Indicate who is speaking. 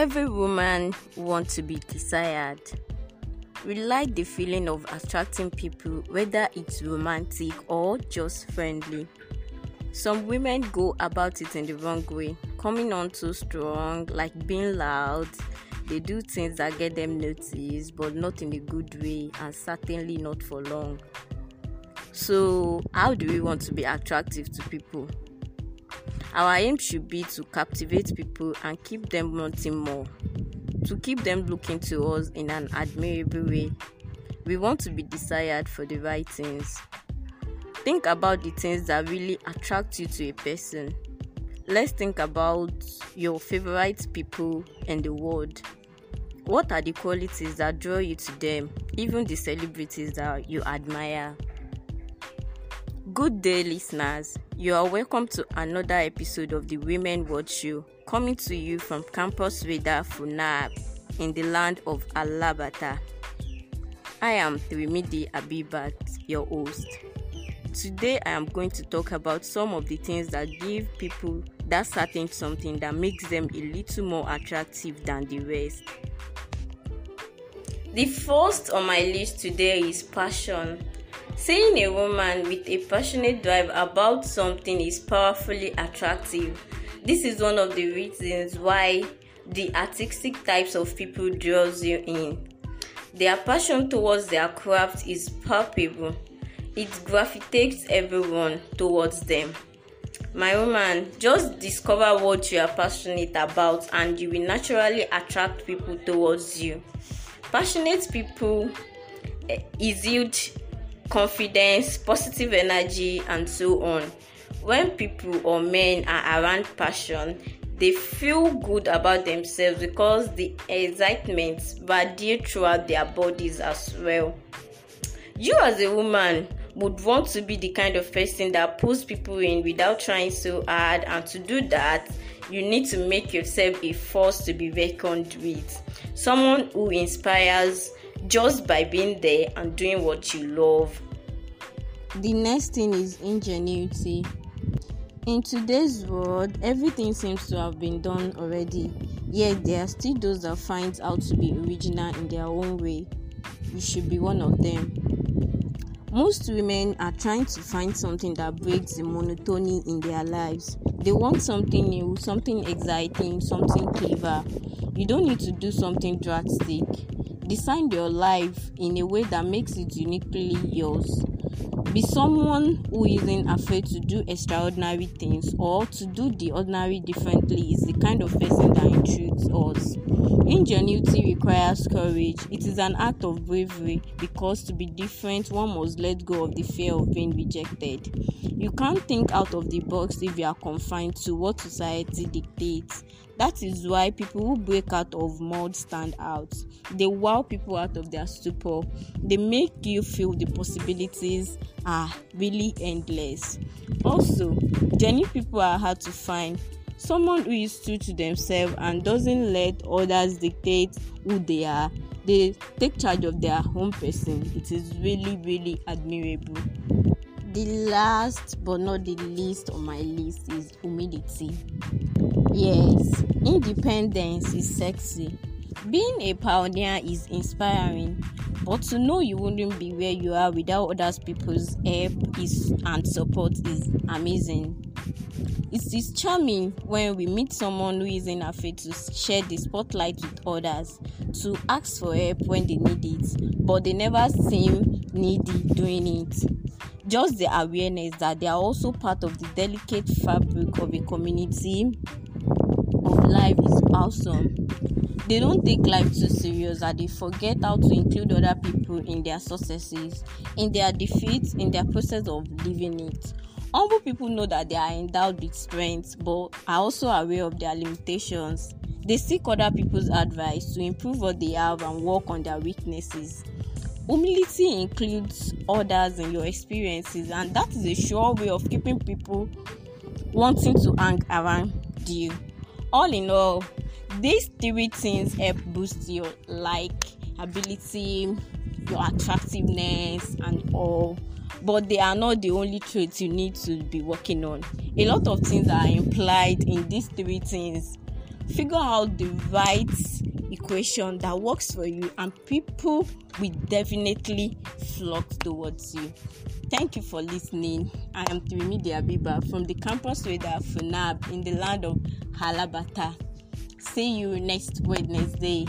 Speaker 1: Every woman wants to be desired. We like the feeling of attracting people, whether it's romantic or just friendly. Some women go about it in the wrong way, coming on too strong, like being loud. They do things that get them noticed, but not in a good way, and certainly not for long. So, how do we want to be attractive to people? Our aim should be to captivate people and keep them wanting more, to keep them looking to us in an admirable way. We want to be desired for the right things. Think about the things that really attract you to a person. Let's think about your favorite people in the world. What are the qualities that draw you to them, even the celebrities that you admire? Good day, listeners. You are welcome to another episode of the Women Watch Show, coming to you from Campus Radar Funab in the land of Alabata. I am Trimidi Abibat, your host. Today, I am going to talk about some of the things that give people that certain something that makes them a little more attractive than the rest. The first on my list today is passion. Seeing a woman with a passionate drive about something is powerfully attractive. This is one of the reasons why the artistic types of people draws you in. Their passion towards their craft is palpable. It gravitates everyone towards them. My woman, just discover what you are passionate about and you will naturally attract people towards you. Passionate people exude eh, confidence, positive energy, and so on. When people or men are around passion, they feel good about themselves because the excitement radiates throughout their bodies as well. You, as a woman, would want to be the kind of person that pulls people in without trying so hard, and to do that, you need to make yourself a force to be reckoned with. Someone who inspires, just by being there and doing what you love. The next thing is ingenuity. In today's world, everything seems to have been done already, yet there are still those that find out to be original in their own way. You should be one of them. Most women are trying to find something that breaks the monotony in their lives. They want something new, something exciting, something clever. You don't need to do something drastic. Design your life in a way that makes it uniquely yours. Be someone who isn't afraid to do extraordinary things or to do the ordinary differently is the kind of person that intrigues us. Ingenuity requires courage. It is an act of bravery because to be different, one must let go of the fear of being rejected. You can't think out of the box if you are confined to what society dictates. That is why people who break out of mold stand out. They wow people out of their stupor. They make you feel the possibilities are really endless. Also, genuine people are hard to find Someone who is true to themselves and doesn't let others dictate who they are, they take charge of their own person. It is really, really admirable. The last but not the least on my list is humility. Yes, independence is sexy. Being a pioneer is inspiring, but to know you wouldn't be where you are without other people's help is, and support is amazing. It is charming when we meet someone who is in a faith to share the spotlight with others, to ask for help when they need it, but they never seem needy doing it. Just the awareness that they are also part of the delicate fabric of a community of life is awesome. They don't take life too serious and they forget how to include other people in their successes, in their defeats, in their process of living it Humble people know that they are endowed with strengths, but are also aware of their limitations. They seek other people's advice to improve what they have and work on their weaknesses. Humility includes others in your experiences, and that is a sure way of keeping people wanting to hang around you. All in all, these three things help boost your like ability, your attractiveness, and all. but they are not the only traits you need to be working on. A lot of things are implied in these three things. Figure out the right equation that works for you, and people will definitely flock towards you. Thank you for listening. I am Trimidi Abiba from the campus radar FUNAB in the land of Halabata. See you next Wednesday.